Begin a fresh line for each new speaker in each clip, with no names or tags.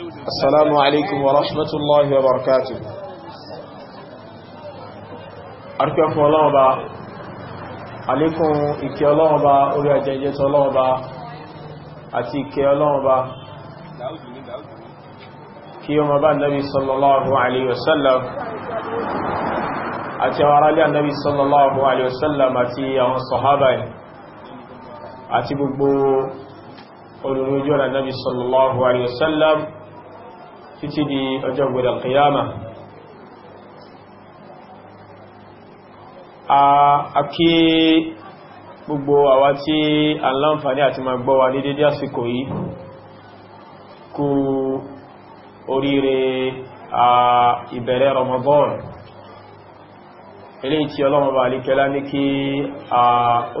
السلام عليكم ورحمة الله وبركاته أركف الله با عليكم إكي الله با أولي أجنجة الله با أتي إكي الله با كي يوم با النبي صلى الله عليه وسلم أتي ورالي النبي صلى الله عليه وسلم أتي يوم الصحابة أتي بقبو قولوا نجول النبي صلى الله عليه وسلم títí di ọjọ́ gbẹ̀dẹ̀ kìyàmà a aki gbogbo àwa tí a láǹfàní àti ma gbọ́ wa ní dédé àsìkò yìí kú oríire a ìbẹ̀rẹ̀ Ramadan ilé tí ọlọ́mọba alikẹ́lá ní kí a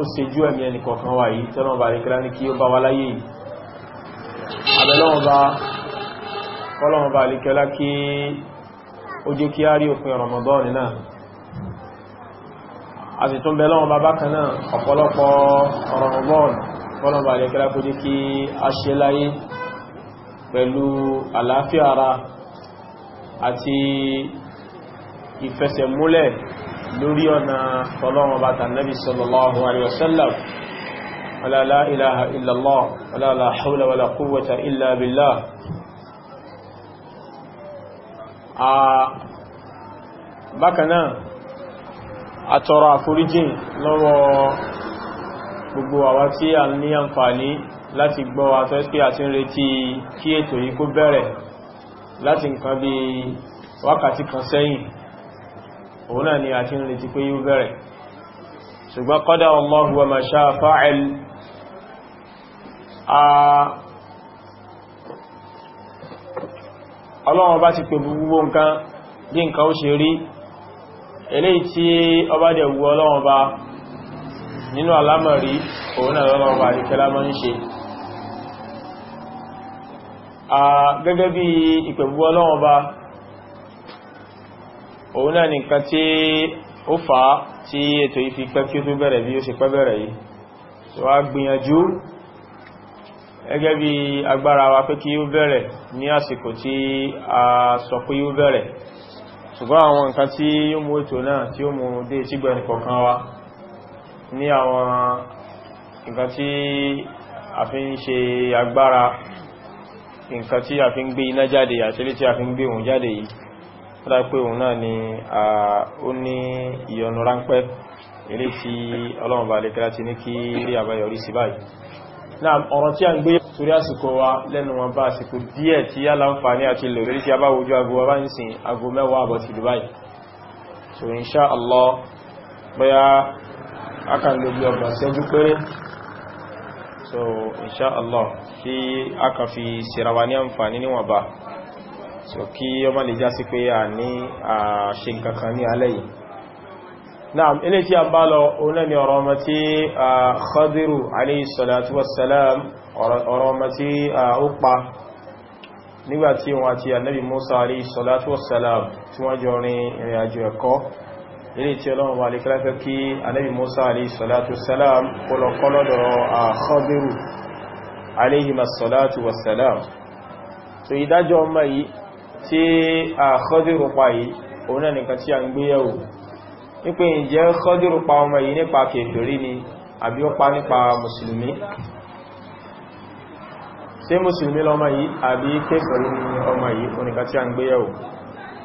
ó ṣe jú ẹ̀mí ẹnìkọ̀ọ̀kan wà yìí tọ́lọ́mọba alikẹ́lá ní kí ó bá wa láyé yìí kọ́lọ̀wọ̀n bá alikẹ́lá kí ó jẹ́ kí á rí òpin Ramadan náà a sì tún bẹ̀lọ́wọ̀n bá bákan náà ọ̀pọ̀lọpọ̀ Ramadan kọ́lọ̀wọ̀n bá alikẹ́lá kó jẹ́ kí a ṣe láyé pẹ̀lú àlàáfíà ara àti ìfẹsẹ̀múlẹ̀ lórí ọ̀nà a bákanáà àtọrọ àforíjìn lọ́wọ́ gbogbo àwa tí a ní àǹfààní láti gbọ́ àtọ́sí àti retí kí ètò yìí kó bẹ̀rẹ̀ láti nǹkan bí wákàtí kan sẹ́yìn òun náà ni a ti ń retí pé yíó bẹ̀rẹ̀ ṣùgbọ́n qadara Allahu wa ma sha'a fa'al ọlọ́run bá ti pè gbogbo nǹkan bí nǹkan ó ṣe rí eléyìí tí ọba dẹ̀ wu ọlọ́run bá nínú alámọ̀rí òun náà lọ́lọ́run bá ní kẹlámọ́ ń ṣe gẹ́gẹ́ bí ìpè gbogbo ọlọ́run bá òun náà nìkan tí ó fà tí ètò ìfi kí ó tó bẹ̀rẹ̀ bí ó ṣe pẹ́ bẹ̀rẹ̀ yìí gẹ́gẹ́ bí agbára wa pé kí ó bẹ̀rẹ̀ ní àsìkò tí a sọ pé ó bẹ̀rẹ̀ ṣùgbọ́n àwọn nǹkan tí ó mú ètò náà tí ó mú dé tí gbẹ̀rẹ̀ kọ̀ọ̀kan wa ní àwọn nǹkan tí a fi ń ṣe agbára nǹkan tí a fi ń gbé iná jáde àṣírí tí a fi ń gbé òun jáde yìí tọ́lá ni ó ní ìyọnu ráńpẹ́ eré tí ọlọ́run bá lè kẹ́lá ti ní kí rí àbáyọrí sí báyìí náà ọ̀rọ̀ tí a ń gbé torí àsìkò wa lẹ́nu wọn bá àsìkò díẹ̀ tí yá láǹfààní àti lórí tí a bá wojú agbó wa bá ń sin agbó mẹ́wàá àbọ̀ ti Dubai so insha Allah bóyá akan lè bí ọgbà sẹ́jú péré so insha Allah kí a kà fi sirawa ní àǹfààní níwọ̀n bá so kí ọmọ lè já pé a ní àṣe kankan ní alẹ́ naam ilé tí a bá lọ oná ni ọ̀rọ̀ ọmọ tí a Khadiru alayhi salatu wassalam ọ̀rọ̀ ọmọ tí a ó pa nígbàtí wọn àti annabi Musa alayhi salatu wassalam tí wọ́n jọ rin ìrìn àjò ẹ̀kọ́ ilé tí ọlọ́run wà lẹ́kẹ́lẹ́fẹ́ kí annabi Musa alayhi salatu wassalam wípé ìjẹ́ Khadiru pa ọmọ yìí nípa kèfèrí ni àbí ó pa nípa mùsùlùmí ṣé mùsùlùmí lọmọ yìí àbí kèfèrí ni ọmọ yìí oníkà tí a ń gbéyàwó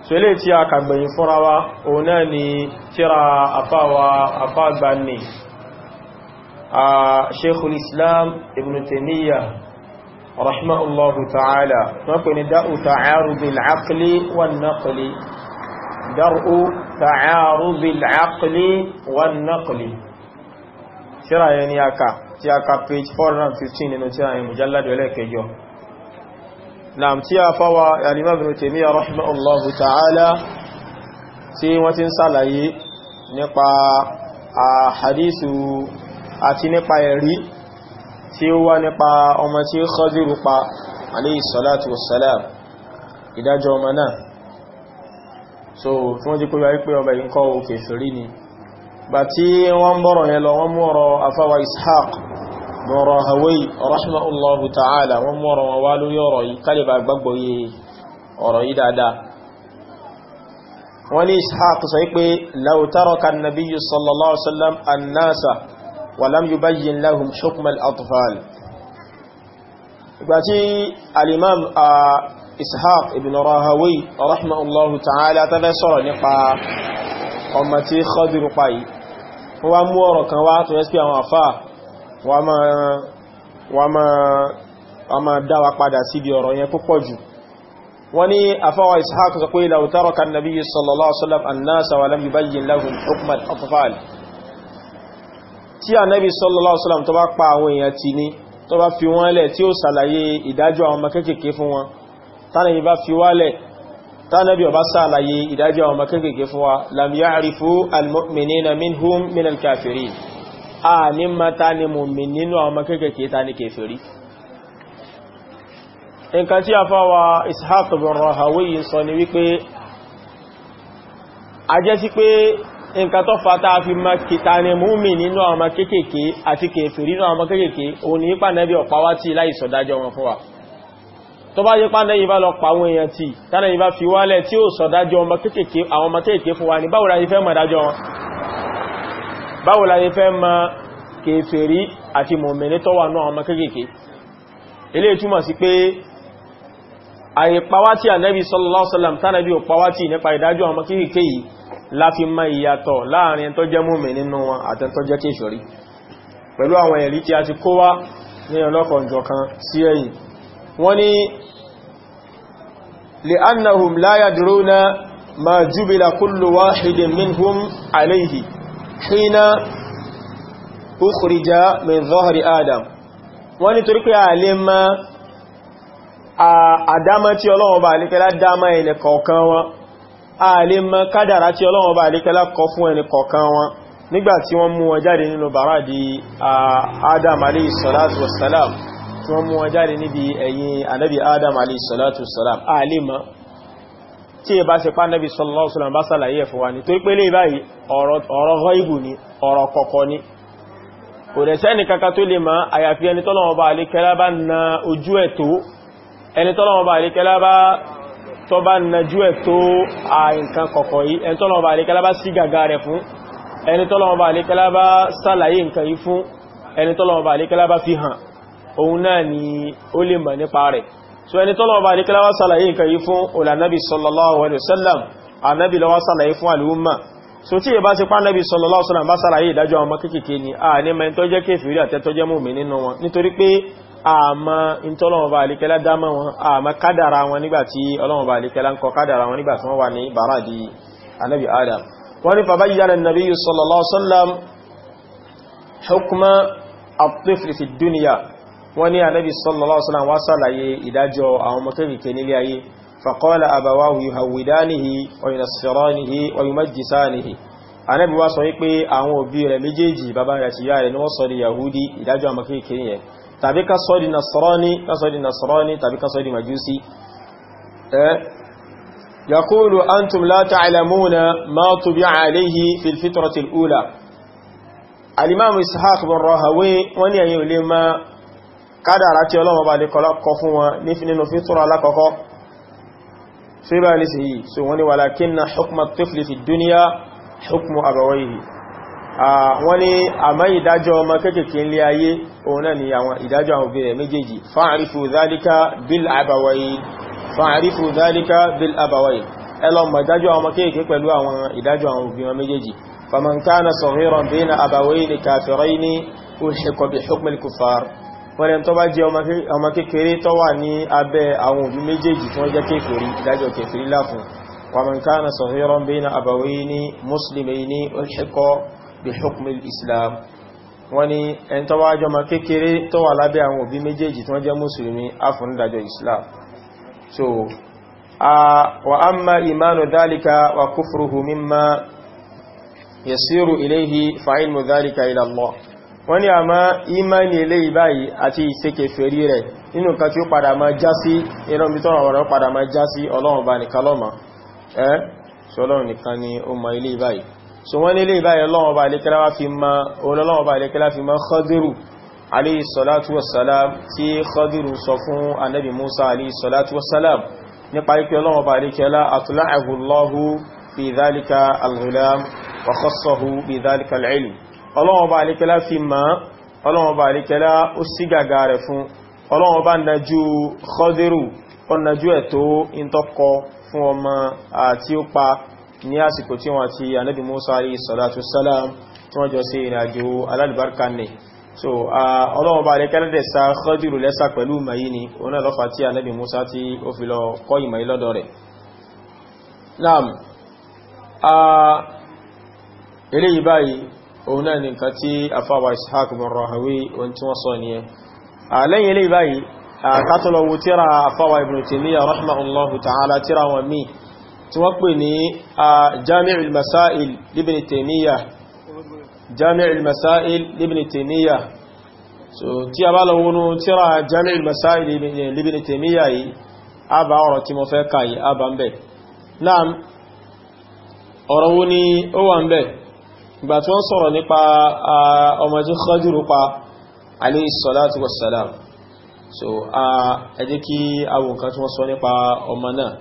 so ilé tí a kàgbẹ̀yìn fúnra wa òun náà ni tíra àfáwa àfáàgbà ní a تعارض العقل والنقل tírà yẹn ni a kà tí a kà page 415 nínú tírà yẹn mujalladu ẹlẹ́kẹjọ naam tí a fáwa yàrìmá bin Taymiyyah rahimahullahu ta'ala tí wọ́n ti ń sàlàyé nípa a hadisu àti nípa ẹ̀rí tí ó wá nípa ọmọ tí Khadiru pa alayhi salatu wassalam ìdájọ́ ọmọ náà so tí wọ́n jí kó yá wípé ọba yìí kọ́ òkè fèrí ni bá tí wọ́n ń bọ̀rọ̀ yẹn lọ wọ́n mú ọ̀rọ̀ afáwa ishaq bọ̀rọ̀ hawaii rahimahullahu ta'ala wọ́n mú ọ̀rọ̀ wọn wá lórí ọ̀rọ̀ yìí kálíbà gbàgbọ́ yé ọ̀rọ̀ yìí dáadáa wọ́n ní ishaq sọ pé law taraka an-nabiyyu sallallahu ishaq ibn rahawi rahimahullahu ta'ala ta fẹ́ sọ̀rọ̀ nípa ọmọ tí khadiru pa yìí wọ́n wá mú ọ̀rọ̀ kan wá tó yẹ́ sí àwọn àfá wọ́n ma dáwà padà síbi ọ̀rọ̀ yẹn púpọ̀ jù wọ́n ní àfáwà ishaq sọ pé law taraka an-nabiyyu sallallahu alaihi wasallam an-nasa wa lam yubayyin tí ó ṣàlàyé ìdájọ́ àwọn ọmọ fún wọn tánàbí bá fi wálẹ̀ tánàbí ọba sàlàyé ìdájọ́ àwọn makẹ́kẹ̀ẹ́ fún wa lam ya'rifu al-mu'minina minhum min al-kafirin a ní mata ni mu'min nínú àwọn makẹ́kẹ̀ẹ́ ta ní kèfèrí nǹkan tí a fáwa ishaq bin rahawi sọ ni wípé a jẹ́ sí pé nǹkan tó fata fi ma kìta ni múmi nínú àwọn makẹ́kẹ̀ẹ́ àti kèfèrí nínú àwọn makẹ́kẹ̀ẹ́ òun tó bá yípa náà yíba lọ pa àwọn èèyàn tí tánà yíba fi wálẹ̀ tí ó sọ̀dájọ́ ọmọ kéèkéé àwọn ọmọ kéèkéé fún wa ní báwo láyé fẹ́ mọ̀ dájọ́ wọn báwo láyé fẹ́ mọ̀ kèfèrí àti mọ̀mẹ̀lẹ́ tó wà náà ọmọ kéèkéé ilé túmọ̀ sí pé àyípawátí ànẹ́bí sallallahu alaihi wasallam tánà bí òpawátí nípa ìdájọ́ ọmọ kéèkéé yìí láfi mọ̀ ní ọlọ́kọ̀ọ̀jọ̀ kan sí ẹ̀yìn wọ́n ni li'annahum la yadruna ma jubila kullu wahidin minhum alayhi hina ukhrija min dhahri adam wọ́n ni torí pé àlè ma àdámá tí ọlọ́wọ́ bá alékẹ́lá dámá ẹni kọ̀ọ̀kan wọn àlè ma kádàrá tí ọlọ́wọ́ bá alékẹ́lá kọ fún ẹni kọ̀ọ̀kan wọn nígbàtí wọ́n mú wọn jáde nínú bàrá di adam alayhi salatu wassalam tí wọ́n mú wọn jáde níbi ẹ̀yìn anábi adam alayhi salatu salam alima tí ẹ bá ṣe pá anábi sallallahu salam bá sàlàyé fún wa ní torí pé lè báyìí ọ̀rọ̀ ni ọ̀rọ̀ kọ̀kọ̀ ni kò rẹ̀ sẹ́ni kankan tó ẹni tọ́lọ́wọ́ bá alékẹ́lá bá na ojú ẹ̀ tó ẹni tọ́lọ́wọ́ bá alékẹ́lá na jú ẹ̀ tó àìǹkan kọ̀kọ̀ yìí ẹni tọ́lọ́wọ́ bá alékẹ́lá bá sí gàgà rẹ̀ fún ẹni tọ́lọ́wọ́ bá alékẹ́lá bá sàlàyé nǹkan yìí fún ẹni tọ́lọ́wọ́ bá alékẹ́lá bá fi hàn òun náà ni ó lè mọ̀ nípa rẹ̀ so ẹni tọ́lọ̀ bá níkẹ́lá wá sàlàyé nǹkan yìí fún olànàbì sallallahu alaihi wasallam ànàbì lọ́wọ́ sàlàyé fún àlúmà so tí ìbá sí pá nàbì sallallahu alaihi wasallam bá sàlàyé ìdájọ́ àwọn kéèkéé ni a ní mẹ́ tó jẹ́ kéfìrí àtẹ́tọ́ jẹ́ mùmí nínú wọn nítorí pé àmà ìtọ́lọ̀wọ̀n bá àlíkẹ́lá dámà wọn àmà kádàrà wọn nígbàtí ọlọ́wọ̀n bá àlíkẹ́lá ń kọ kádàrà wọ́n ní ànábì sallallahu alaihi wasallam wá sàlàyé ìdájọ́ àwọn mọ́kẹ́kẹ́ nílé ayé faqala abawahu yuhawidanihi wa yunasiranihi wa yumajjisanihi ànábì wá sọ wípé àwọn òbí rẹ̀ méjèèjì bàbá rẹ̀ àti ìyá rẹ̀ wọ́n sọ yahudi ìdájọ́ kádàrá tí ọlọ́wọ́ bá lè kọ fún wọn ní nínú fítúrà alákọ̀ọ́kọ́ ṣe bá ní sí yìí so wọ́n ni walakinna hukma tifli fi duniya hukmu abawaihi wọ́n ni àmá ìdájọ́ ọmọ kéèkèé ilé ayé òun náà ni àwọn ìdájọ́ àwọn obìnrin méjèèjì fa'arifu dhalika bil abawaihi fa'arifu dhalika bil abawaihi ẹlọ́mọ̀ ìdájọ́ ọmọ kéèkèé pẹ̀lú àwọn ìdájọ́ àwọn obìnrin méjèèjì faman kana saghiran bayna abawaihi kafiraini ulhiqa wọ́n ẹni tó bá jẹ́ ọmọ kékeré tó wà ní abẹ́ àwọn òbí méjèèjì tó jẹ́ kékeré ìdájọ́ kékeré láfún wa man kana sahiran bayna abawayni muslimayni ulhiqa bi hukmil islam wọ́n ni ẹni tó bá jẹ́ ọmọ kékeré tó wà lábẹ́ wọ́n ní àmá ìmáni ilé ìbáyìí àti ìsẹ́kẹ̀ fèrí rẹ̀ nínú nǹkan tí ó padà máa já sí ìrọ̀mítọ́rọ̀ ọ̀rọ̀ padà máa já sí ọlọ́run bá nìkan lọ́mà ẹ́ ṣọlọ́run nìkan ni ó mọ ilé ìbáyìí so wọ́n ní ilé ìbáyìí ọlọ́run bá lékẹ́lá fi ma Khadiru alayhi salatu wassalam tí Khadiru sọ fún Ànábì Musa alayhi ọlọ́run bá lékẹ́lá ọlọ́wọ́n bá alékẹ́lá fi ma ọlọ́wọ́n bá alékẹ́lá ó sí gàgà rẹ̀ fún ọlọ́wọ́n bá najú Khadiru ó najú ẹ̀tọ́ ìntọ́kọ fún ọmọ àti ó pa ní àsìkò tí wọ́n ti anábì Musa salam tí wọ́n jọ so ọlọ́wọ́n bá alékẹ́lá dẹ̀ Khadiru lẹ́sà pẹ̀lú mayi ni òun náà lọ́fà tí anábì Musa tí ó fi lọ eléyìí báyìí òun náà ni nǹkan tí afáwà ishaq bin rahawi ohun tí wọ́n sọ ní ẹ lẹ́yìn ilé báyìí kátọ́lọ̀wò tíra afáwà ibn taymiyyah rahimahullahu ta'ala tíra wọn mí tí wọ́n pè ní jami'ul masail ibn taymiyyah jami'ul masail ibn taymiyyah so tí a bá lọ wọnú tíra jami'ul masail ibn taymiyyah ìgbà tí wọ́n sọ̀rọ̀ nípa ọmọ tí Khadiru pa alayhi salatu so ẹ jẹ́ kí àwọn nǹkan tí wọ́n sọ nípa ọmọ náà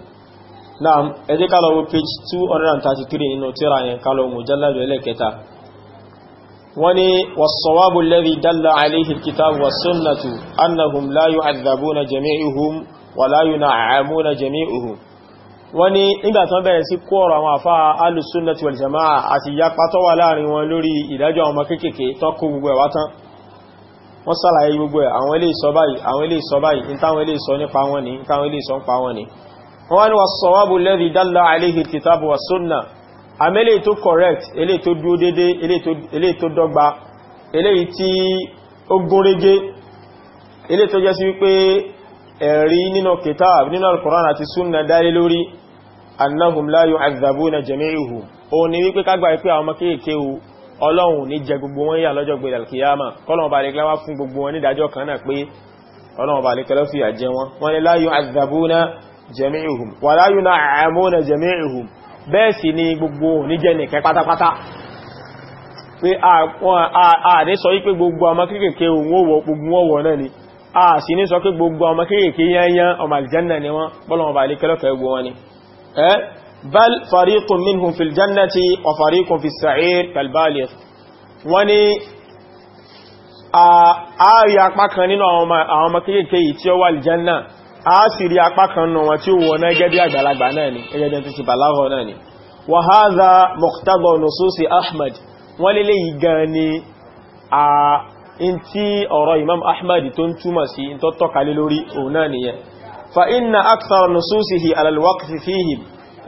náà ẹ jẹ́ page 233 nínú tírà yẹn ká lọ mujalladu ẹlẹ́kẹta wọ́n ní was-sawabu alladhi dalla alayhi al-kitab was-sunnatu annahum la wọ́n ní nígbàtán bẹ̀rẹ̀ sí kó ọ̀rọ̀ àwọn àfá alùsúnnàtí wal jama'a àti ìyapa tó wà láàrin wọn lórí ìdájọ́ àwọn kéèkèé tó kó gbogbo ẹ̀wá tán wọ́n sàlàyé gbogbo ẹ̀ àwọn ilé ìsọ báyìí àwọn ilé ìsọ báyìí ìtàwọn ilé ìsọ nípa wọn ni ìtàwọn ilé ìsọ correct ilé tó dúó dédé ilé tó dọ́gba ilé tí ó gúnrégé ilé tó jẹ́ sí wípé ẹ̀rí nínú kitab nínú al-Qur'an àti sunna dálé lórí annahum la yu'adhabuna jami'uhum ó ní wípé ká gbà pé àwọn makeke o Ọlọ́hun ní jẹ gbogbo wọn yà lọ́jọ́ gbe alkiyama kọlọ́hun bá lè klawa fún gbogbo wọn ní dájọ́ kan náà pé Ọlọ́hun bá lè kala fi aje wọn wọ́n ní la yu'adhabuna jami'uhum wa la yun'amuna jami'uhum bẹ́ẹ̀ sì ni gbogbo ní jẹ nìkan pátápátá pé a ní sọ wípé gbogbo àwọn kéèkéé òun ó wọ gbogbo wọn wọ náà ni a sì ní sọ pé gbogbo àwọn kéèkéé yányán ọmọ àlìjánà ni wọ́n bọ́lọ̀wọ̀n bá ilé kẹ́lọ́kẹ́ gbogbo wọn ni Eh? bal fariqun minhum fil jannati wa fariqun fis sa'ir kal baligh wani a rí apá kan nínú àwọn ọmọ kéèkéè tí ó wà aljanna a sì rí apá kan nínú wọn tí ó wọ́n náà gẹ́gẹ́ àgbàlagbà náà ni gẹ́gẹ́ tó ti bàlágọ̀ náà ni wa hadha muqtada nususi ahmad wọ́n lélé yìí gan ni a in tí ọ̀rọ̀ imam ahmad tó ń túmọ̀ sí tó tọ́kalé lórí òun náà nìyẹn fa inna akthar nususihi ala al-waqf fihi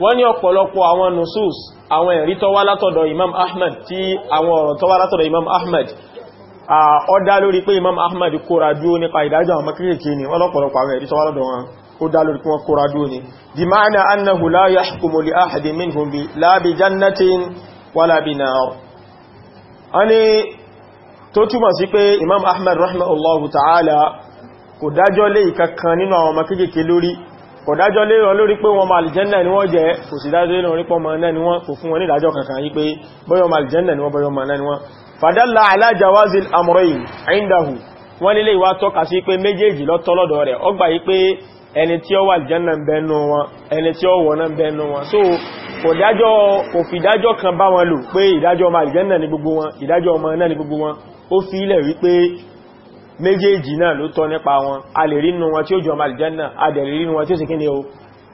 wọ́n ní ọ̀pọ̀lọpọ̀ àwọn nusus àwọn ẹ̀rí tó wá látọ̀dọ̀ imam ahmad tí àwọn ọ̀rọ̀ tó wá látọ̀dọ̀ imam ahmad ó dá lórí pé imam ahmad kóra dúó nípa ìdájọ́ àwọn makirike ni wọ́n lọ́pọ̀lọpọ̀ àwọn ẹ̀rí tó wá látọ̀dọ̀ wọn ó dá lórí pé wọ́n kóra dúó ni di ma'ana annahu la yahkumu li ahadin minhum bi la bi jannatin wala bi nar ani tó túmọ̀ sí pé imam ahmad rahimahullahu ta'ala kò dájọ́ lé ìkankan nínú àwọn ọmọ kéékèèké lórí kò dájọ́ lé wọn lórí pé wọn ma aljanna ni wọ́n jẹ́ kò sì dájọ́ lé wọn pé ọmọ náà ni wọ́n kò fún wọn ní ìdájọ́ kankan yí pé bóyá ọmọ aljanna ni wọ́n bóyá ọmọ ni wọ́n fadalla ala jawazil amrayn indahu wọ́n nílé ìwá tọ́ka sí pé méjèèjì lọ́tọ́lọ́dọ̀ rẹ̀ ọgbà yí pé ẹni tí ó wà aljanna ń bẹnu so kò dájọ́ kò fi ìdájọ́ kan bá ni gbogbo wọn ìdájọ́ ọmọ náà ni gbogbo wọn ó fi ilẹ̀ wípé méjèèjì náà ló tọ́ nípa wọn a lè rí nínú wọn tí ó jẹ́ ọmọ àlìjánà a dẹ̀ lè rí nínú wọn tí ó sì kí ni o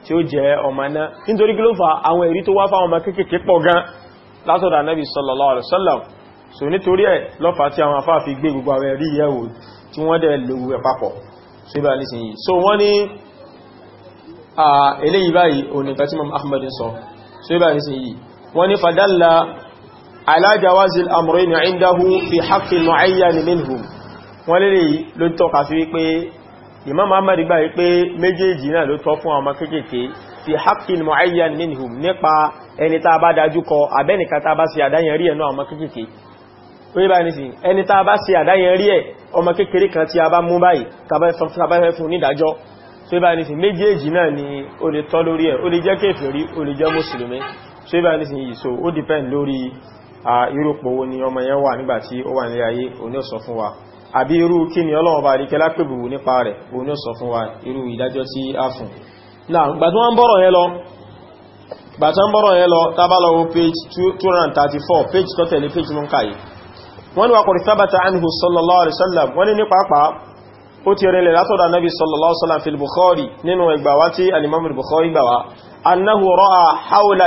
tí ó jẹ́ ọmọ náà nítorí kí ló fà àwọn èrí tó wá fáwọn ọmọ kéékèèké pọ̀ gan látọ̀dọ̀ anábì sallallahu alaihi wasallam so nítorí ẹ̀ lọ́fà tí àwọn afá fi gbé gbogbo àwọn ẹ̀rí yẹ̀wò wọ́n lè ló tọ́ka sí wípé Imam Ahmad gbà wípé méjèèjì náà ló tọ́ fún ọmọ kéékèèké fi haqqin mu'ayyan minhum nípa ẹni tá a bá dájú kọ abẹ́nìkan tá a bá ṣe àdáyẹn rí ẹ̀nà ọmọ kéékèèké orí bá nìsìn ẹni tá a bá ṣe àdáyẹn rí ẹ̀ ọmọ kékeré kan tí a bá mú báyìí tàbáfẹ́ fún nídàjọ́ so ibá nìsìn méjèèjì náà ni o lè tọ́ lórí ẹ̀ o lè jẹ́ kéfèrí o lè jẹ́ mùsùlùmí so ibá nìsìn yìí so ó depend lórí irúpò wo ni ọmọ yẹn wà nígbàtí ó wà ní ayé òní ò sọ fún wa àbí irú kí ni ọlọ́run bá rí kẹlá pèbùbù nípa rẹ̀ òun ni ó sọ fún wa irú ìdájọ́ tí a fún náà gbàtí wọ́n ń bọ̀rọ̀ lọ tábàlọ́wọ́ page 234 page tó tẹ̀lé page mún káyì wọ́n ni wà kọ̀rì sábàtà anhu sallallahu alaihi wasallam wọ́n ni ní pàápàá ó ti rẹ̀ látọ̀dọ̀ nabi sallallahu alaihi wasallam fil bukhari nínú ẹgbàwá tí alimamul bukhari gbàwá annahu ra'a hawla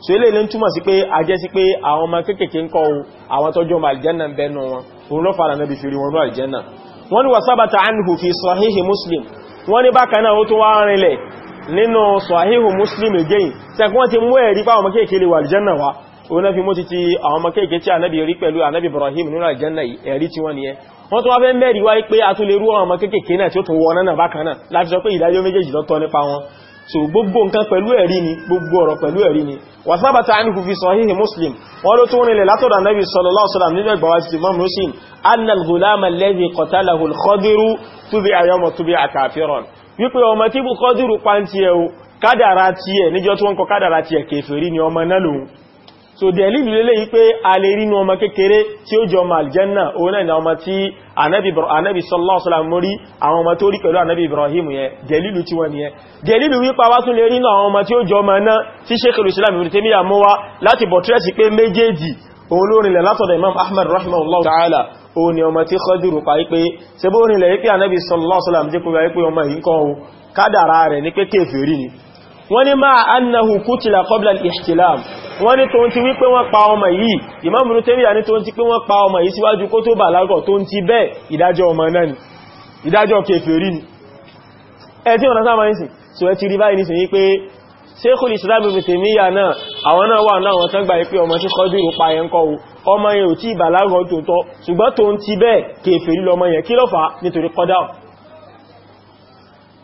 so ilé ilé ń túmọ̀ sí pé ajẹ́ sí pé àwọn ọmọ kéékèèké ń kọ́ o àwọn tọ́jú ọmọ aljanna bẹnu wọn òun ló fara bí fi wọn ní aljanna wọ́n ní wasabata anhu fi sahihi muslim wọ́n ní bákan náà ó tún wá rinlẹ̀ muslim again sẹ́kún wọ́n ti mú ẹ̀rí pa wa òun náà fi mú titi àwọn ọmọ kéékèèké tí ibrahim nínú aljanna ẹ̀rí tí wọ́n nìyẹn wọ́n tó wá fẹ́ mẹ́rin wáyé pé a tún lè rú àwọn ọmọ kéékèèké náà tí so gbogbo nǹkan pẹ̀lú ẹ̀rí ni gbogbo ọ̀rọ̀ pẹ̀lú ẹ̀rí ni wà sábàtà àníkù fi sahih muslim wọ́n ló tó wọ́n nílẹ̀ látọ̀dà nabi sallallahu alaihi wasallam nínú ẹgbàwà ti imam muslim annal gulama alladhi qatalahu al-khadiru tubi ayọmọ tubi akafiran wípé ọmọ tí bú khadiru so dẹ̀lìlù lélẹ̀ yí pé a lè rínú ọmọ kékeré tí ó jọ ọmọ aljanna òun náà ni àwọn ọmọ tí anábì sallallahu alaihi wasallam mórí àwọn ọmọ tó rí pẹ̀lú anábì ibrahim yẹn dẹ̀lìlù tí wọ́n yẹn dẹ̀lìlù wípa wá tún lè rínú àwọn ọmọ tí ó jọ ọmọ náà tí sheikhul islam ibn taymiya mú wá láti bọ̀tírẹ́sì pé méjèèjì òun ló rìnlẹ̀ látọ̀dọ̀ imam ahmad rahimahullah ni máa annahu kutila qabla al wọ́n ní tó ń ti wípé wọ́n pa ọmọ yìí Imam Ibn Taymiyyah ní tó ń ti pé wọ́n pa ọmọ yìí síwájú kó tó bàlágà tó ń ti bẹ́ẹ̀ ìdájọ́ ọmọ náà ni ìdájọ́ kèfèrí ni ẹ tí wọ́n sáà máa ń sìn so ẹ ti rí báyìí nísìn wípé Sheikhul Islam Ibn Taymiyyah náà àwọn náà wà náà wọ́n tán gbà pé ọmọ tí kọjú ìrúpa yẹn kọ́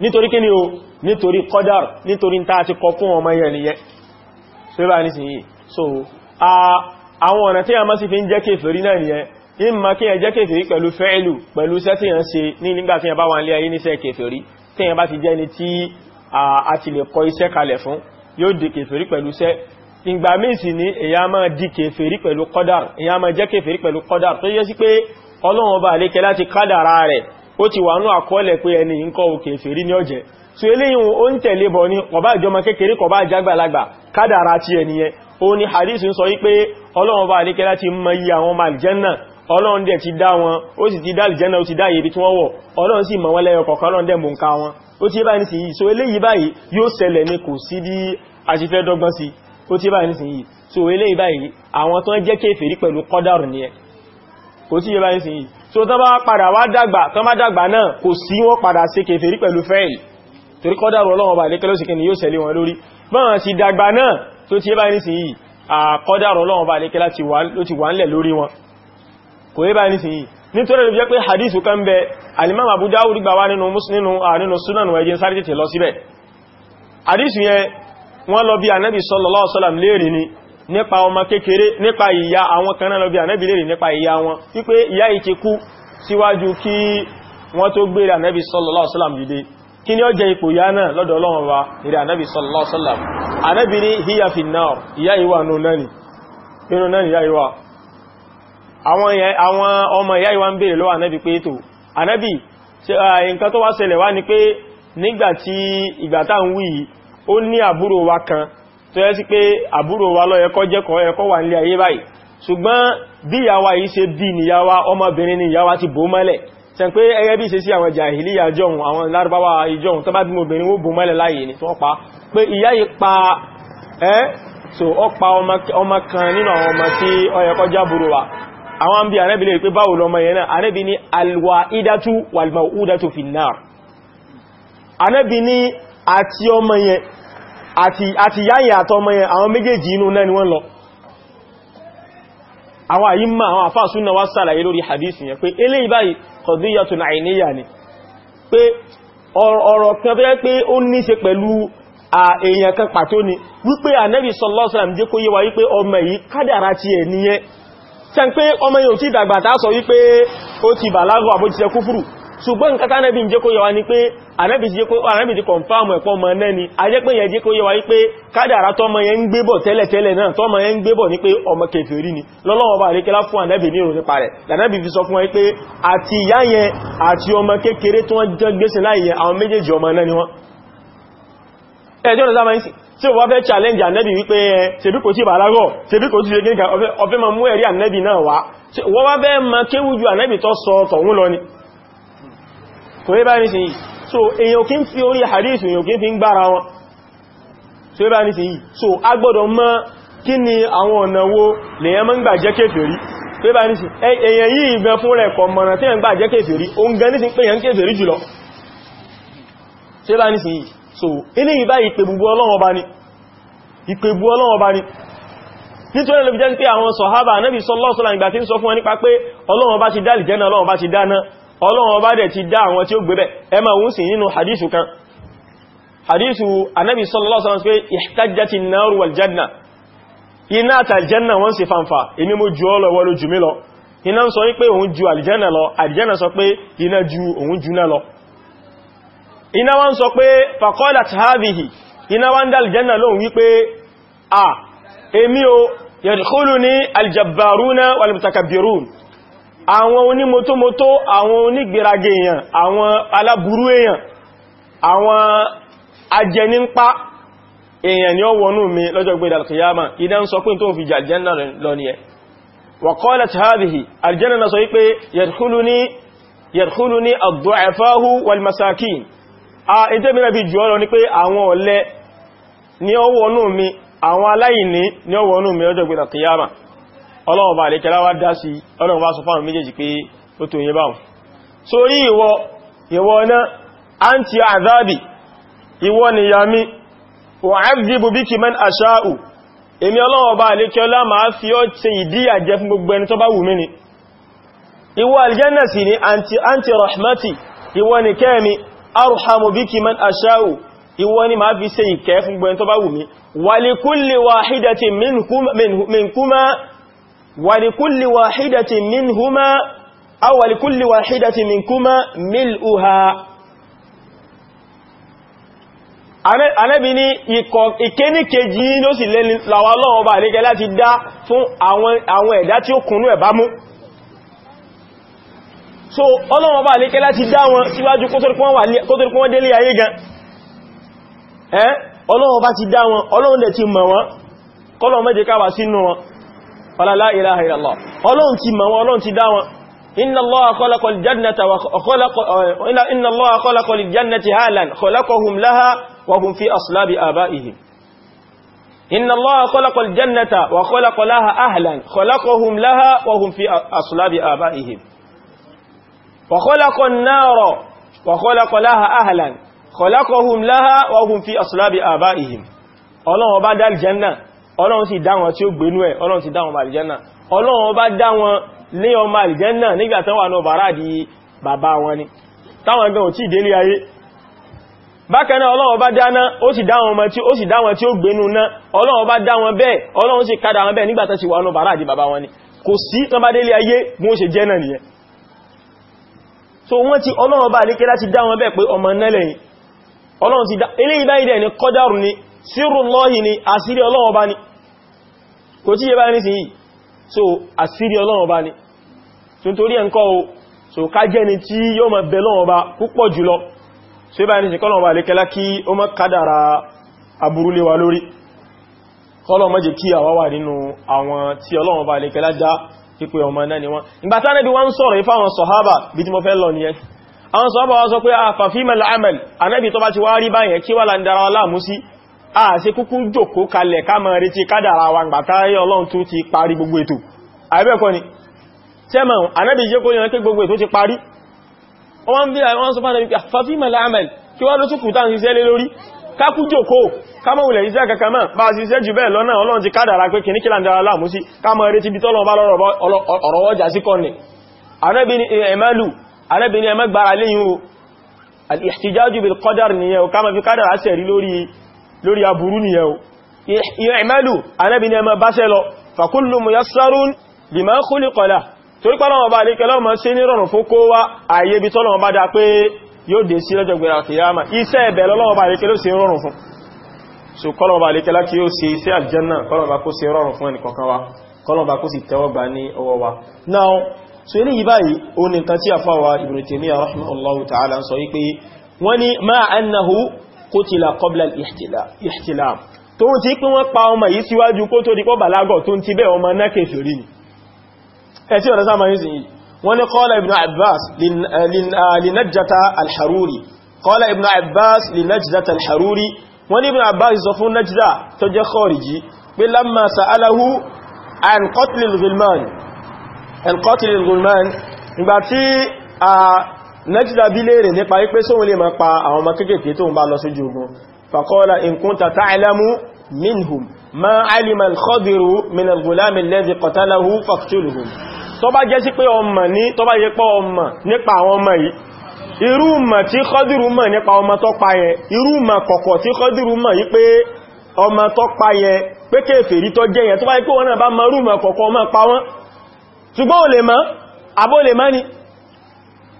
nítorí kí ni o nítorí kọ́dá nítorí ta ti kọ ọmọ yẹn nìyẹn so bá ní sí yìí so àwọn ọ̀nà tí a má sí fi ń jẹ́ kèfèrí náà nìyẹn in ma kí ẹ jẹ́ kèfèrí pẹ̀lú fẹ́ẹ̀lù pẹ̀lú iṣẹ́ tí yẹn ṣe ní nígbà tí yẹn bá wọn lé ayé níṣẹ́ kèfèrí tí yẹn bá ti jẹ́ ni tí a ti lè kọ iṣẹ́ kalẹ̀ fún yóò di kèfèrí pẹ̀lú iṣẹ́ ìgbà míì sì ni èyàn máa di kèfèrí pẹ̀lú kọ́dàr èyàn máa jẹ́ kèfèrí pẹ̀lú kọ́dàr tó yẹ sí pé ọlọ́run ọba àlékẹ́ láti kádàrá rẹ̀ ó ti wà nú àkọọ́lẹ̀ pé ẹni nǹkan ò kèfèrí ní ọ̀jẹ̀ so eléyìn o ń tẹ̀lé bọ̀ ní kò bá jọmọ kékeré kò bá jágbàlagbà kádàrá ti ẹniyẹ o ní hadith ń sọ wípé ọlọ́run bá alékẹ́ láti mọ iye àwọn ọmọ àlìjẹ́nà ọlọ́run dẹ̀ ti dá wọn ó sì ti dá àlìjẹ́nà ó ti dá ibi tí wọ́n wọ̀ ọlọ́run sì mọ̀ wọ́n lẹ́yọ kọ̀ọ̀kan ọlọ́run dẹ̀ mú nǹka wọn ó ti bá nísìn yìí so eléyìí báyìí yóò a ti fẹ́ dọ́gbọ́n sí ó ti bá nísìn yìí so eléyìí báyìí àwọn tó ń jẹ́ kéfèrí pẹ̀lú kọ́dàrù tán bá padà wá dàgbà tán bá dàgbà náà kò sí wọ́n padà ṣe kéfèrí pẹ̀lú fẹ́ẹ̀lì torí kọ́dàrù ọlọ́wọ́ bá lékẹ́lọ́ sí kẹni yóò sẹ̀lẹ̀ wọn lórí bọ́n sí dàgbà náà tó ti ẹbá ní sí yìí àkọ́dàrù ọlọ́wọ́ bá lékẹ́lá ló ti wà ń lẹ̀ lórí wọn kò ẹbá ní sí yìí nítorí ló pé hadith kan bẹ alimam Abu Dawud gbà wá nínú nínú sunan ẹjẹ́ sáré tètè lọ síbẹ̀ hadith yẹn wọ́n lọ bí anabi sallallahu alaihi wasallam léèrè ni nípa ọmọ kékeré nípa ìyá àwọn kan náà lọ bí anabi tó gbé anabi sallallahu kí ni ó jẹ ipò ìyá náà lọ́dọ̀ ọlọ́run wa ìrẹ́ ànábì sallallahu alaihi wasallam ànábì ní hiya fi náà ìyá ìwà nù náà inú náà ìyá ìwà àwọn ọmọ ìyá ìwà ń bèèrè lọ́wọ́ ànábì pé ètò ànábì nǹkan tó wá ṣẹlẹ̀ wá ni pé nígbàtí ìgbàtà ń wí ó ní àbúrò wa kan tó yẹ sí pé àbúrò wa ló yẹ kó wà nílé ayé báyìí ṣùgbọ́n bí ìyá wa yìí ṣe bí níyá wa ọmọbìnrin ni ìyá ti bò mọ́lẹ̀ ṣe pé ẹgẹ́ bí ṣe sí àwọn jàhìlíyà jọun àwọn lárúbáwá ìjọun tó bá bí obìnrin ó bù mọ́lẹ̀ láyé ní tó pa pé ìyá yìí pa ẹ́ so ó pa ọmọ kan nínú àwọn ọmọ tí ó yẹ kó jábúrò wa àwọn bí Ànábì lè pé báwo lọmọ yẹn náà Ànábì ní alwaidatu walmauudatu finnar Ànábì ní àti ọmọ yẹn àti yáyìn àtọmọ yẹn àwọn méjèèjì inú náà ni wọ́n lọ àwọn àyíma àwọn qadiyatun ainiyya ni pé ọ̀rọ̀ kan tó yẹ pé ó ní ṣe pẹ̀lú èèyàn kan pàtó ni wípé ànábì sallallahu alaihi wasallam jẹ́ kó yé wa wípé ọmọ yìí kádàrá ti ẹ̀ nìyẹn tẹ́ pé ọmọ yìí ò tí dàgbà tá sọ wípé ó ti bàlágọ̀ àbójíṣẹ́ kúfùrù ṣùgbọ́n nǹkan tánàbí jẹ́ kó yẹ wa ní pé anábì ti kọ̀nfàmù ẹ̀pọ̀ ọmọ náà ni a jẹ́ pé yẹ jẹ́ kó yẹ wa wípé kádàrá tọ́mọ yẹn ń gbébọ̀ tẹ́lẹ̀tẹ́lẹ̀ náà tọ́mọ yẹn ń gbébọ̀ ní pé ọmọ kèfèrí ni lọ́lọ́wọ́ bá rí kẹlá fún anábì ní ìròyìn parẹ̀ lànábì fi sọ fún wọn pé àti ìyá yẹn àti ọmọ kékeré tí wọ́n jẹ́ gbésìn láyé àwọn méjèèjì ọmọ náà ni wá fẹ́ challenge ànẹ́bì wípé ẹ ṣebí kò tí bà lágọ́ ṣebí kò tí ṣe gíga ọfẹ́ ma mú ẹ̀rí ànẹ́bì náà wá wọ́n wá tó sọ tọ̀hún lọ ni kò yẹ báyìí sí so èyàn kí ń fi orí hadith èyàn kí ń fi ń gbára wọn so yẹ báyìí sí so a gbọ́dọ̀ mọ̀ kí ni àwọn ọ̀nà wo lèyàn mọ́ ń gbà jẹ́ kéfèrí so yẹ èyàn yìí gan fún rẹ̀ kọ̀ mọ̀nà tí yàn gbà jẹ́ kéfèrí o ń pé so yẹ báyìí sí so eléyìí báyìí ìpèbùbù Ọlọ́run ọba ni ìpèbù Ọlọ́run ọba ni nítorí ló fi àwọn sọ̀hábà anábì sọ́lọ́sọ́lá ìgbà tí ń sọ fún wọn nípa pé Ọlọ́run ọba ti dá ìjẹ́nà Ọlọ́run ọba ti dáná ọlọ́run ọba dẹ̀ ti dá àwọn tí ó gbé bẹ̀ ẹmà òun sì nínú hadithu kan hadithu anabi sallallahu alaihi wasallam pé ihtajjati an-nar wal janna iná àti aljanna wọ́n sì fanfa èmi mo ju ọlọ wọ́n ló jù mí lọ iná sọ wípé òun ju aljanna lọ aljanna sọ pé iná ju òun náà àwọn onímotómotó àwọn onígbèrage èèyàn àwọn aláburú èèyàn àwọn ajẹnípa èèyàn ni ó wọnú mi lọ́jọ́ gbé dàlkìyàmà idan sọ pé tó fi jà aljanna lọ ni ẹ وقالت هذه الجنة صيبة يدخلني يدخلني a ite mi na bi juo lo ni pé àwọn mi àwọn aláìní ni ó wọnú mi lọ́jọ́ gbe ọlọ́run bá àlékẹ́lá wá dá sí ọlọ́run bá sọ fáwọn méjèèjì pé ó tó yẹ báwọn sórí ìwọ ìwọ náà anti azabi ìwọ nìyàmí wà áfìdìbò bí kì mẹ́n àṣáù èmi ọlọ́run bá àlékẹ́lá máa fi ọ́ ṣe ìdíyà jẹ fún gbogbo ẹni tó bá wù mí ni ìwọ aljanna sì ni anti anti rahmati ìwọ ni máa fi ṣe ìkẹ́ fún gbogbo tó bá wù mí wàlíkúlè wàhídàtì mìnkúmá ولكل واحدة منهما أو لكل واحدة منكما ملؤها Ànábì ní ìkéní kejì ló sì lè làwà lọ́wọ́ bá àríkẹ́ láti dá fún àwọn ẹ̀dá tí ó kùnú ẹ̀bá mú. So, ọlọ́wọ́ bá àríkẹ́ láti dá wọn síwájú kótórí kún délé ayé gan. Ọlọ́wọ́ bá ti dá wọn, Ọlọ́run falala ilaha illallah ọlọ́run ti mọ̀ wọn ọlọ́run ti dá wọn inna allaha khalaqal jannata wa khalaqa inna allaha khalaqal jannati halan khalaqahum laha wa hum fi aslabi abaihim inna allaha khalaqal jannata wa khalaqa laha ahlan khalaqahum laha wa hum fi aslabi abaihim wa khalaqa an-nara wa khalaqa laha ahlan khalaqahum laha ọlọ́run ọba dá aljanna ọlọ́run sì dá wọn tí ó gbénú ẹ̀ ọlọ́run sì dá wọn bàlìjẹ́nà ọlọ́run bá dá wọn lé ọmọ àlìjẹ́nà nígbàtán wà náà bàrá di bàbá wọn ni táwọn gan ò tí délé ayé bákanáà ọlọ́run bá dáná ó sì dá wọn tí ó sì dá wọn tí ó gbénú ná ọlọ́run ni sí tán bá délé ayé so wọ́n ti ọlọ́run bá lékẹ́ láti dá wọn bẹ́ẹ̀ pé ọmọ náà lẹ́yìn ni kọ́dàrù ni sírùlọ́hì ni àṣírí ọlọ́run bá ni kò tí yẹ bá ní sí yìí so àṣírí ọlọ́run ọba ni tún torí ẹ̀ ń kọ́ o so ká jẹ́ni tí yóò máa bẹ lọ́run ọba púpọ̀ jùlọ so bá ní sí kọ́lọ̀wọ̀n ọba lékẹ́lá kí ó má kádàrà aburú lé wa lórí kọ́lọ̀wọ̀n má jẹ́ ni wọ́n ìgbà tánà bí wọ́n ń sọ̀rọ̀ ifá àwọn sọ̀hábà bí tí mo fẹ́ lọ nìyẹn àwọn a ṣe kúkú jòkó kalẹ̀ ká máa retí kádàrà wa gbàtà ọlọ́run tó ti parí gbogbo ètò àìbẹ́ẹ̀kọ́ ni tẹ́mọ̀ anábì jẹ́ kó yẹn pé gbogbo ètò ti parí wọ́n bí i wọ́n sọ fánàbí fàfíìmọ̀ láàmẹ̀l kí wá ló tún kùtà ń ṣiṣẹ́ lé lórí kákú jòkó kámọ̀wùlẹ̀ iṣẹ́ kankan mọ́ bá ṣiṣẹ́ jù bẹ́ẹ̀ lọ́nà ọlọ́run ti kádàrà pé kìní kílà ni ẹ̀mẹ́lù anábì ni ẹ̀mẹ́ gbára léyìn o al-ihtijaju bil qadar nìyẹn o kámọ̀ fi kádàrà lórí aburú nìyẹn o i'malu anábi ni ẹmọ báṣẹ́ lọ fa kullu muyassarun lima khuliqa lah torí pàdánwọ̀ bá alékẹ́ lọ́mọ sí ní rọrùn fún kó wá ààyè ibi tọ́lọ́wọ́ bá dá pé yóò dé sí lọ́jọ́ gbẹ̀rẹ̀ àkìyàmà iṣẹ́ ẹ̀bẹ̀ lọ́lọ́wọ́ bá alékẹ́ ló sí rọrùn fún so kọ́lọ̀wọ́ bá alékẹ́ láti yóò sí iṣẹ́ àlùjánnà kọ́lọ̀wọ́ bá kó sí rọrùn fún ẹnìkọ̀ọ̀kan bá wọ́n ni máa annahu kutila qabla al-ihtilam tó ń ti pé wọ́n pa ọmọ yìí síwájú kó tó di pọ́ bàlágọ̀ tó ń ti bẹ́ ọmọ náà kèfèrí ni ẹ̀tí ọ̀rọ̀ sáà máa ń sìn yìí wọ́n ni qala ibn abbas linajjata eh, eh, al-haruri qala ibn abbas linajjata al nájídà bí léèrè nípa wípé sóhun lè máa pa àwọn ọmọ kéèkéé tó ń bá lọ sójú ogun fàkọ́ọ́lá in kunta ta'lamu minhum ma alima al-khadiru min al-ghulam alladhi qatalahu faqtuluhum tó bá jẹ́ sí pé ọmọ ní tó bá yẹ pọ́ ọmọ nípa àwọn ọmọ yìí irú mọ̀ tí khadiru mọ̀ nípa ọmọ tó pa yẹn irú mọ̀ kọ̀kọ̀ tí khadiru mọ̀ yí pé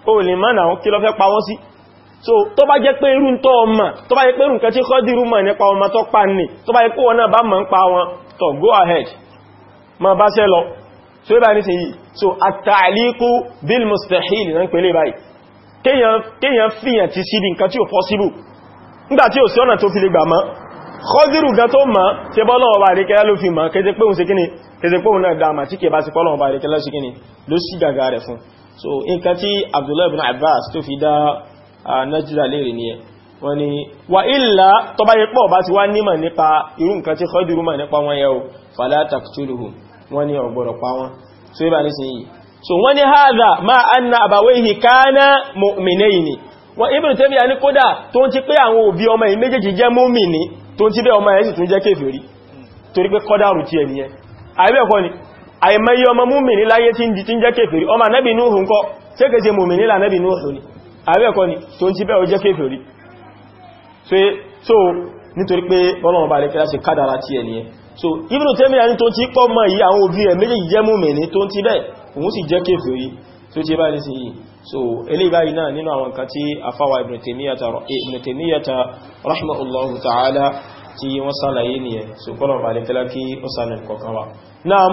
o lè mọ́ náà kí lọ fẹ́ pawọ́ sí so tó bá jẹ́ pé irú ń tọ́ ọmọ tó bá jẹ́ pé irú nǹkan tí kọ́dìrú mọ̀ nípa ọmọ tó pa ní tó bá jẹ́ pé wọn náà bá mọ̀ ń pa wọn tó go ahead ma bá sẹ́ lọ so ibà ní ti yìí so àtàlíkú bil mustahil náà ń pè lè báyìí kéèyàn fìyàn ti síbi nǹkan tí ò possible nígbà tí ò sí ọ̀nà tó fi lè gbà mọ́ kọ́dìrú gan tó mọ̀ tí bọ́ lọ́wọ́ bá rí kẹ́lá ló fi mọ̀ kéde pé òun náà dáa so nǹkan tí Abdullah ibn Abbas tó fi dá Najla léèrè ni ẹ wọ́n ni wà ìlà tó bá yẹ pọ̀ bá ti wá nímọ̀ nípa irú nǹkan tí Khadiru mọ̀ nípa wọn yẹ̀wò fala taqtuluhum wọ́n ni ọ̀gbọ̀rọ̀ pa wọn so ibà ní sinyi so wọ́n ni hadha ma anna abawayhi kana mu'minayni wọ́n Ibn Taymiyyah ní kódà tó ń ti pé àwọn òbí ọmọ yìí méjèèjì jẹ́ mu'mini tó ń ti bẹ́ ọmọ yẹn sì tún jẹ́ kèfèrí torí pé kọ́dàrù ti ẹ̀ nìyẹn àìbẹ̀kọ́ àìmẹ́yẹ ọmọ múmìnì láyé tí ń di tí ń jẹ́ kéfèrí ọmọ anẹ́bì núhù ń kọ́ tí kè ṣe múmìnì lànẹ́bì núhù ni àwẹ́ẹ̀kọ́ ni tó ń ti bẹ́ ó jẹ́ kéfèrí so nítorí pé bọ́lọ̀wọ́ bá lẹ́kẹ́lá ṣe kádàrá ti ẹ̀ so Ibn Taymiyyah ní tó ti pọ́ mọ́ yí àwọn òbí rẹ̀ méjèèjì jẹ́ múmìnì tó ń ti bẹ́ òun sì jẹ́ kéfèrí tó ti bá ní sí yìí so eléyìí tí afáwà Ibn Taymiyyah ta'ala tí wọ́n sálàyé so bọ́lọ̀wọ́ bá lẹ́kẹ́lá kí ó sálẹ̀ kọ̀kan wa naam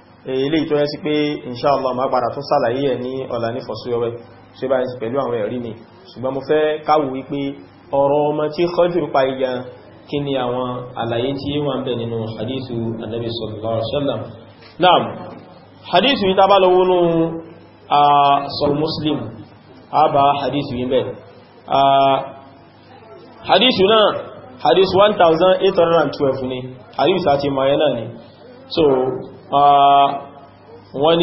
ilé ìtọ́ yẹ́ sí pé inṣáàlá ma padà tún sàlàyé ẹ̀ ní ọ̀la ní fọ̀súyọ́wẹ́ ṣe bá ẹ̀sì pẹ̀lú àwọn ẹ̀rí mi ṣùgbọ́n mo fẹ́ káwò wípé ọ̀rọ̀ ọmọ tí Khadiru pa ìyá kí ni àwọn àlàyé tí wọ́n ń bẹ nínú hadithu annabi hadithu 1812 ni hadith àti mayana ni so wọ́n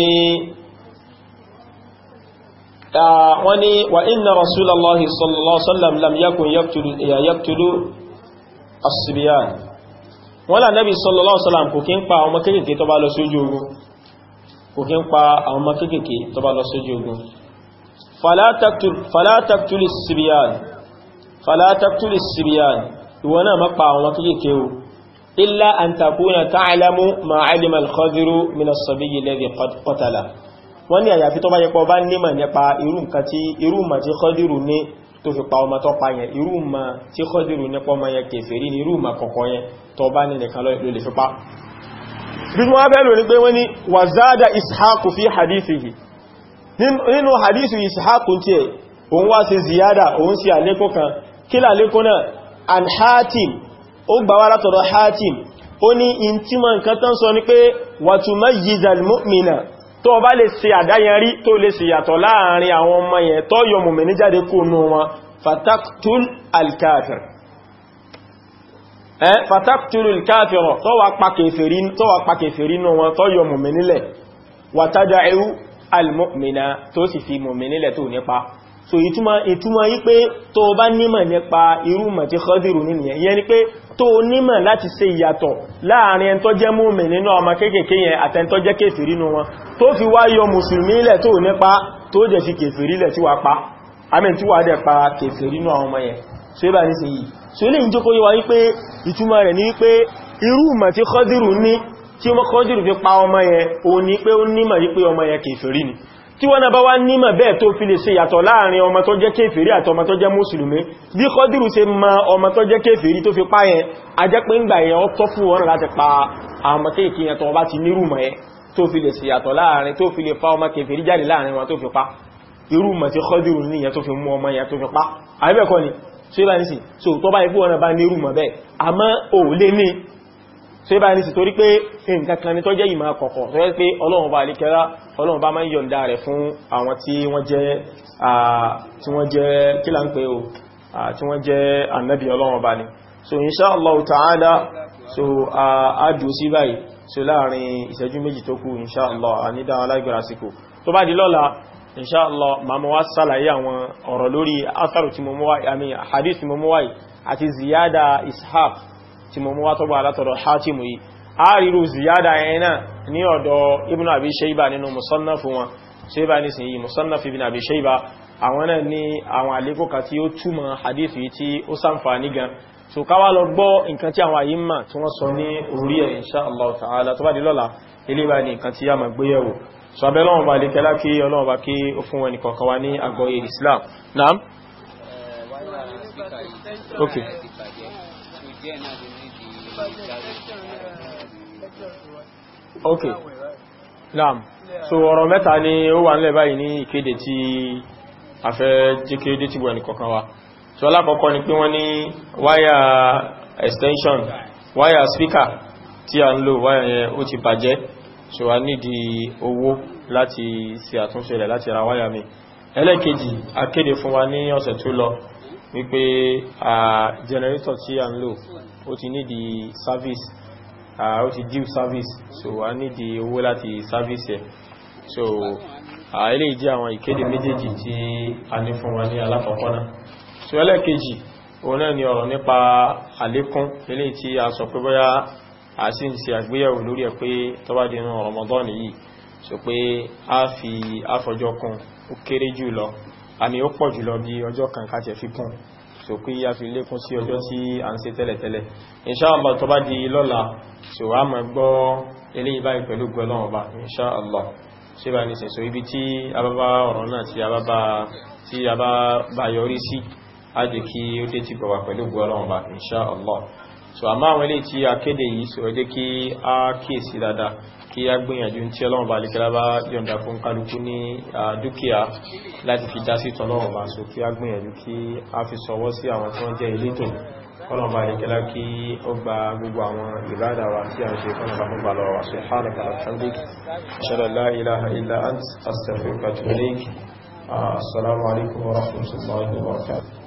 ni wa inna rasulallah sallallahu sallam lam yakun yaktulu asibiyan wọ́n lá nẹ́bí sallallahu sallam kò kí ń pa àwọn kéèkéé tó bá lọ sójú ogun kò kí ń pa àwọn kéèkéé tó bá lọ sójú ogun falataktuli sibiyan ìwọ náà má pa àwọn kéèkéé illa an takuna ta'lamu ma 'alima al-khadiru min as-sabiy alladhi qatala wọ́n ní àyàfi tó bá yẹ pọ̀ bá nímọ̀ nípa irú nǹkan tí irú ma tí khadiru ní tó fi pa ọmọ tó pa yẹn irú ma tí khadiru ní pọ́ ma yẹ kèfèrí ní irú ma kọ̀kọ́ yẹn tó bá ní nìkan lọ lè fi pa bídún wọ́n bẹ́ẹ̀ lórí pé wọ́n ni wà záàdà ìsáàkù fi hadithihi nínú hadithu ìsáàkù tí ẹ̀ òun wá sí ziyada òun sí àlékò kan kí làlékò náà an hatim ó gbà wá látọ̀dọ̀ Hatim ó ní in tí mọ̀ nǹkan tán sọ ní pé wàtúmọ̀ yizal mu'mina tó bá lè ṣe àdáyẹnrí tó lè ṣe yàtọ̀ láàrin àwọn ọmọ yẹn tó yọ mùmìnì jáde kó nú wọn fataktul alkafir eh fataktul alkafir tó wá pa kèfèrí tó wá pa kèfèrí nú wọn tó yọ mùmìnì lẹ̀ wàtádàíwú almu'mina tó sì fi mùmìnì tó nípa so ìtumọ̀ yí pé tó bá nímọ̀ nípa irú mọ̀ tí Khadiru nínú yẹn ni pé tó nímọ̀ láti ṣe ìyàtọ̀ láàrin ẹntọ́ jẹ́ múmi nínú ọmọ kéèkèé yẹn àtẹntọ́ jẹ́ kèfèrí nínú wọn tó fi wá yọ mùsùlùmí lẹ̀ tó nípa tó jẹ́ fi kèfèrí lẹ̀ tí wà pa amẹ́ tí wà dẹ̀ pa kèfèrí nínú àwọn ọmọ yẹn so ibà ní sin yìí so pa ọmọ yẹn òun ni pé ó tí wọ́n náà bá wá nímọ̀ bẹ́ẹ̀ tó fi lè ṣe yàtọ̀ láàrin ọmọ tó jẹ́ kéfèrí àti ọmọ tó jẹ́ mùsùlùmí bí kọ́dìrú ṣe ma ọmọ tó jẹ́ kéfèrí tó fi pa yẹn a jẹ́ pé ń gbà yẹn ọtọ́ fún wọn láti pa àmọ́ kéèkì yẹn tó wọ́n pa irú mọ̀ tí kọ́dìrú níyẹn tó fi mú pa àbẹ́bẹ̀kọ́ ni ṣe bá so tó bá ikú wọn bá nírùmọ̀ bẹ́ẹ̀ àmọ́ ò so ibá ní sí torí pé nǹkan kan ní tó jẹ́ ìmọ̀ àkọ́kọ́ tó yẹ́ pé ọlọ́run bá alékẹ́lá ọlọ́run bá máa ń yọ̀ǹda rẹ̀ fún àwọn tí wọ́n jẹ́ tí wọ́n jẹ́ kí là ń pè o tí wọ́n jẹ́ ànábì ọlọ́run bá ní so insha Allah ta'ala so àádùú sí báyìí so láàrin ìṣẹ́jú méjì tó kù insha Allah ànídá alágbèrè àsìkò tó bá di lọ́la insha tí mo mú wá tọ́gbà látọ̀dọ̀ hátìmù yìí a ríru ziyada yẹn náà ní ọ̀dọ̀ ibn abi shayba nínú musannafu wọn shayba ní sin yìí musannaf ibn abi shayba àwọn náà ní àwọn àlékòkà tí ó túmọ̀ hadithi tí ó sàǹfààní gan so ká wá lọ gbọ́ nǹkan tí àwọn àyíma tí wọ́n sọ ní orí ẹ̀ insha allah ta'ala tó bá di lọ́la ilé bá ní nǹkan tí a máa gbéyẹ̀wò so abẹ́ lọ́wọ́n bá lè kẹ́lá kí ọlọ́wọ́n bá kí ó fún wọn nìkọ̀ọ̀kan wá ní àgọ́ islam naam eh, okay ok naam so ọ̀rọ̀ mẹ́ta ni ó wà nílẹ̀ báyìí ní ìkéde tí a fẹ́ jíkéde tí wọ́n nìkọ̀kan wa so alákọ̀ọ́kọ́ ni pé wọ́n ní wáyà extension wáyà speaker tí a ń lò wáyà yẹn ó ti bàjẹ́ so a nídi owó láti ṣe àtúnṣe rẹ̀ láti ra wáyà mi ẹlẹ́kejì a kéde fún wa ní ọ̀sẹ̀ tó lọ wípé a generator tí a ń lò ó ti ní di service ó ti due service so a ní di owó láti service ẹ̀ so ilé ìjẹ́ àwọn ìkéde méjèèjì tí a ní fún wa ní alákọ̀ọ́kọ́ náà so ẹlẹ́ẹ̀kejì òun náà ni ọ̀rọ̀ nípa àlékún ilé tí a sọ pé bóyá a sì ń ṣe àgbéyẹ̀wò lórí ẹ̀ pé tó bá dínú Ramadan yìí so pé a fi àfọjọ́ kún ó kéré jù lọ àmì ó pọ̀ jù lọ bí ọjọ́ kan ká tẹ̀ fi kún so kí yá fi lékún sí ọjọ́ tí a ń ṣe tẹ́lẹ̀tẹ́lẹ̀ inṣáàlá tó bá di lọ́la so a mọ̀ gbọ́ eléyìí báyìí pẹ̀lú gbọ́lọ́run ọba inṣáàlá ṣe bá ní sẹ̀ so ibi tí abábá ọ̀rọ̀ náà tí abábá tí abábá yọrí sí á jẹ́ kí ti gbọ̀wà inṣáàlá so àmọ́ àwọn eléyìí kí a gbìyànjú tí ọlọ́run bá lè kẹ́lá bá yọ̀nda fún kálukú ní dúkìá láti fi dá sí tọ́lọ́run bá so kí a gbìyànjú kí a fi sọwọ́ sí àwọn tí wọ́n jẹ́ elétò ọlọ́run bá lè kẹ́lá kí ó gba gbogbo àwọn ìbádà tí a ṣe fún ọba lọ wa subhanaka la ilaha illa anta astaghfiruka wa